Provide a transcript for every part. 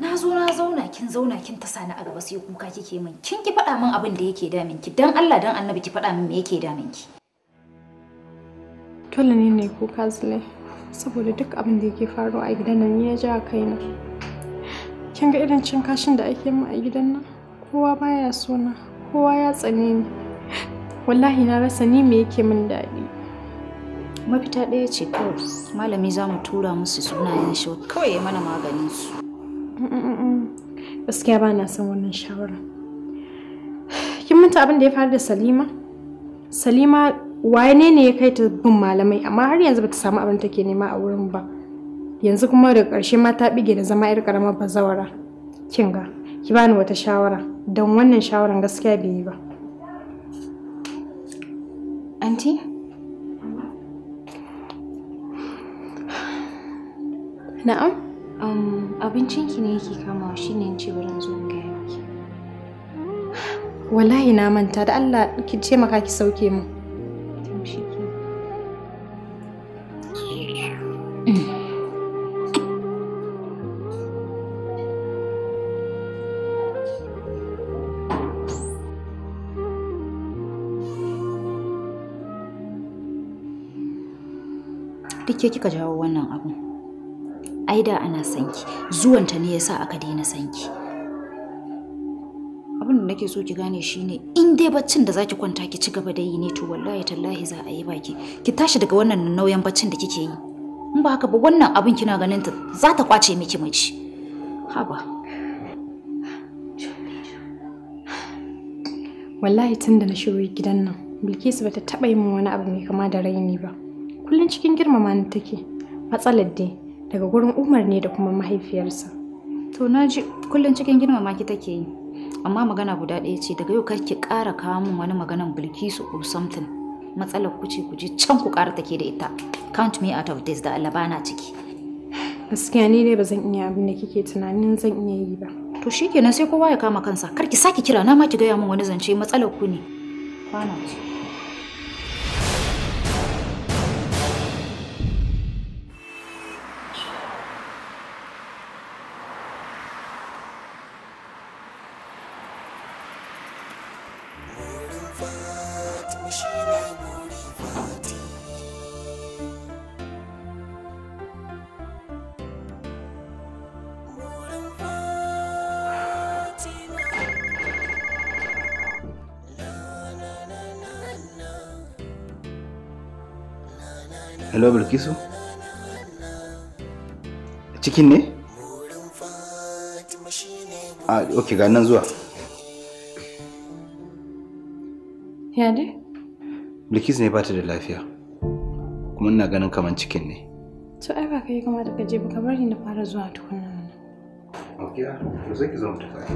na zo na zauna kin zauna kin ta sani a gaba sai kuka kike min kin ki faɗa min abin da yake damin ki dan Allah dan Annabi ki fada min me yake damin ki dole ne ne kuka zule saboda duk abin da yake faruwa a gidan nan ya ja kaina kin ga irin cin kashin da ake min a gidan nan kowa baya so na kowa ya tsane ni wallahi na rasa ni me yake min daɗi mafita ɗaya ce kawai malami za mu tura musu sunayen shi kawai ya mana maganin su gaskiya ba na son wannan shawara kin manta abin da ya faru da salima salima wane ne ya kai ta bin malamai amma har yanzu bata samu abin take nema a wurin ba yanzu kuma daga ƙarshe ma ta bige da zama yar karamar bazawara kin ga ki bani wata shawara don wannan shawaran gaskiya bai yi ba anti na'am abincinki ne yake kama, shi ne ce bari zo gaya miki wallahi na manta da Allah ki ce maka ki sauke mu Duk ke kika jawo wannan abun. ai da ana sanki zuwanta ne yasa aka daina sanki abin da nake so ki gane shine in dai baccin da zaki kwanta ki ci gaba da yi ne to wallahi tallahi za a yi baki ki tashi daga wannan nauyin baccin da kike yi in ba haka ba wannan abin kina ganin ta za ta kwace miki miji haba wallahi tun da na shigo gidan nan bilkisu bata taba yi min wani abu mai kama da raini ba kullum cikin girmama ni take matsalar dai daga gurin Umar ne da kuma mahaifiyarsa. To na ji kullum cikin girmama ki take yi. Amma magana guda ɗaya ce daga yau kar ki ƙara kawo min wani maganan Bilkisu or something. Matsalar ku ku je can ku ƙara take da ita. Count me out of this da alabana na ciki. Gaskiya ni ne ba zan iya abin da kike tunanin zan iya yi ba. To shikenan sai kowa ya kama kansa. Kar ki sake kira na ma ki gaya min wani zance matsalar ku ne. Kwana ce. hello bilkisu cikin ne Ah, okay, ga nan zuwa ya dai bilkisu ne ba ta da lafiya kuma ina ganin kaman cikin ne to ai ba kai kamata ka je ba ka bari na fara zuwa tukunan Okay, ok sai ki zo mu tafi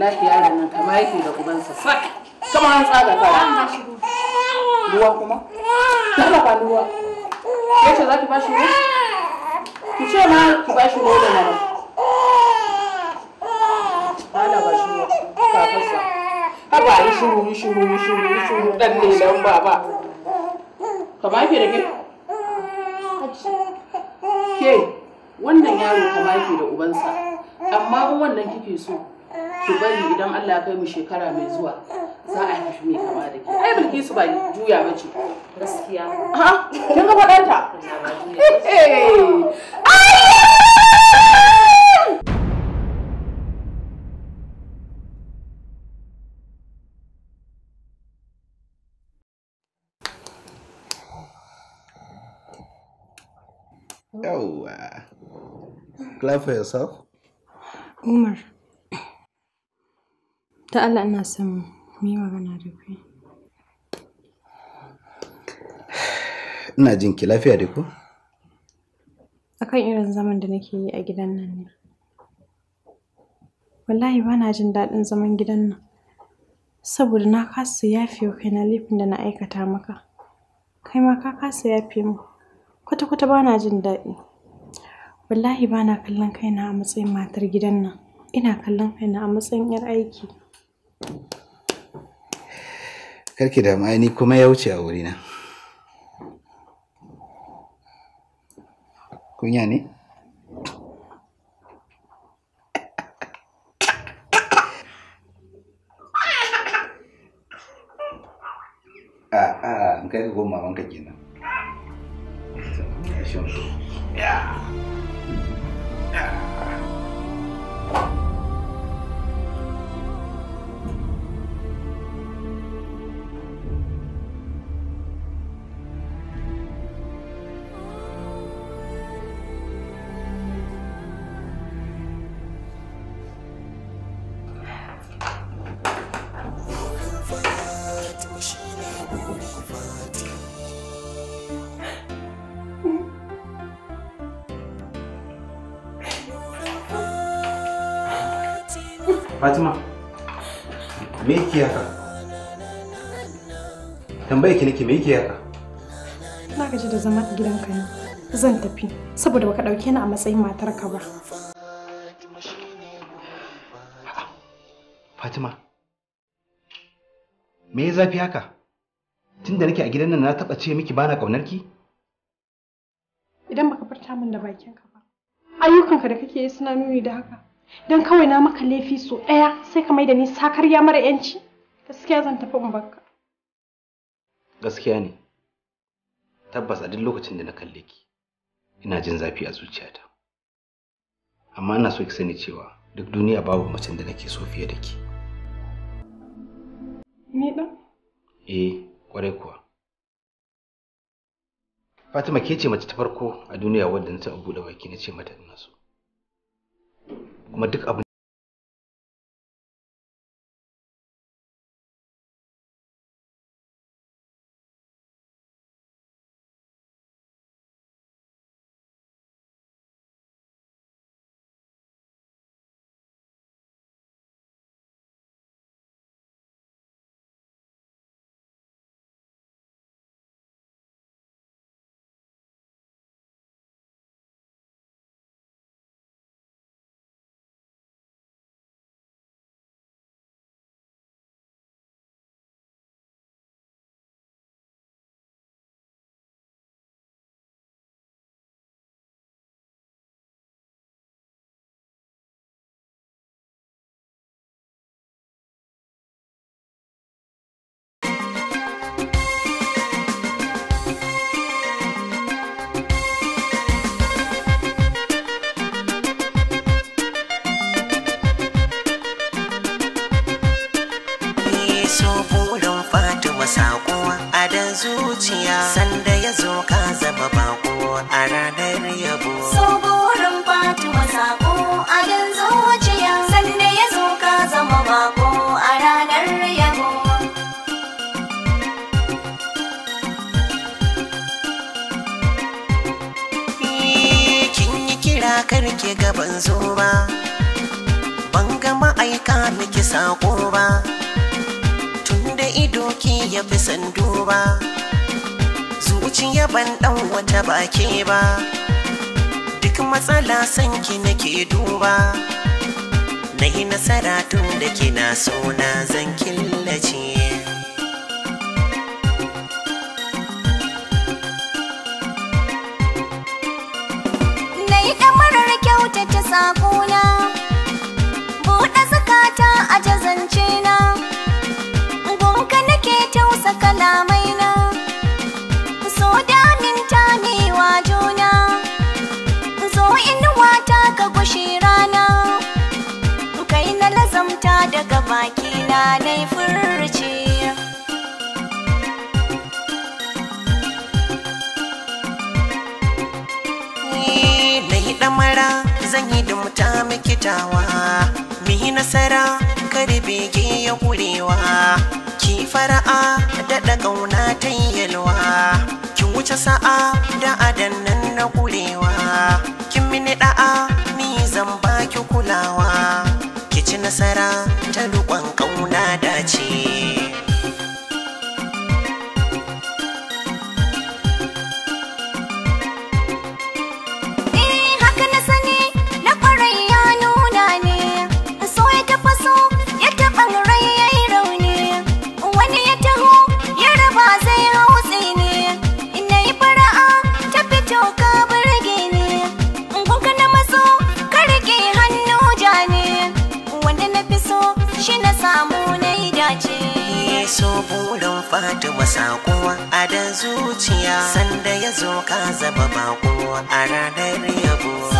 wallahi yaron nan yake da ubansa sak an tsaga tsara ruwa kuma ba ruwa yace za ki ba shi ruwa ki ce ma ki ba shi ruwa da ana ba shi ruwa haba yi shuru yi shuru yi shuru yi shuru dan baba yake da ke ke wannan yaro kama yake da ubansa amma wannan kike so ki bari idan Allah ya kai mu shekara mai zuwa za a haifi mai kama da ke ai bilki su ba juya ba ce gaskiya ha kin ga faɗanta Yawwa. Glad for yourself. Umar. Ta Allah ina son mu yi magana da kai. Ina jin ki lafiya da ku? Akan irin zaman da nake yi a gidan nan ne. Wallahi ba na jin daɗin zaman gidan nan. Saboda na kasa yafe wa kaina laifin da na aikata maka. Kai ma ka kasa yafe mu. Kwata-kwata ba na jin daɗi. Wallahi ba na kallon kaina a matsayin matar gidan nan. Ina kallon kaina a matsayin 'yar aiki. karki da ni kuma ya wuce a wurina kunya ne a'a kai ka goma wanka kenan Yeah. Yeah. Fatima, me yake haka? Tambaye ki nake me yake haka? Na gaji da zama a gidanka ne. Zan tafi saboda baka dauke ni a matsayin matar ka ba. Fatima, me ya zafi haka? Tunda nake a gidan nan na taba ce miki bana kaunar ki? Idan baka furta min da bakinka ba. ayyukan ka da kake yi suna nuni da haka. don kawai na maka laifi so ɗaya sai ka mai da ni sakarya mara yanci gaskiya zan tafi in barka gaskiya ne tabbas a duk lokacin da na kalle ki ina jin zafi a zuciyata amma ina so ki sani cewa duk duniya babu macen da nake so fiye da ki ni ɗan eh kwarai kuwa Fatima ke ce mace ta farko a duniya wadda na taɓa buɗe baki na ce mata ina so kuma duk abin zuciya sanda ya zo ka zama bako a ranar yabo so burin batu masako a yanzu zuciya sanda ya zo ka zama bako a ranar yabo eh, kin yi kira karke gaban zuba ban ga ma'aika miki sako ba tunda ido ki ya fi sanduba. duba zuciya ban ɗan wata baki ba duk matsala sanki nake duba nayi nasara tun da kina so na zan killace na yi ɗamarar kyautata saƙona buɗe zakata a jazance na gunka nake tausa kalama sanyi da muta mikitawa mi nasara kar bege ya kurewa ki fara'a da ƙauna ta yalwa ki wuce sa'a da adannan na kurewa kin mini da'a ni zan baki kulawa ki ci nasara ta zuciya sanda ya zo ka zaba bako a ranar yabo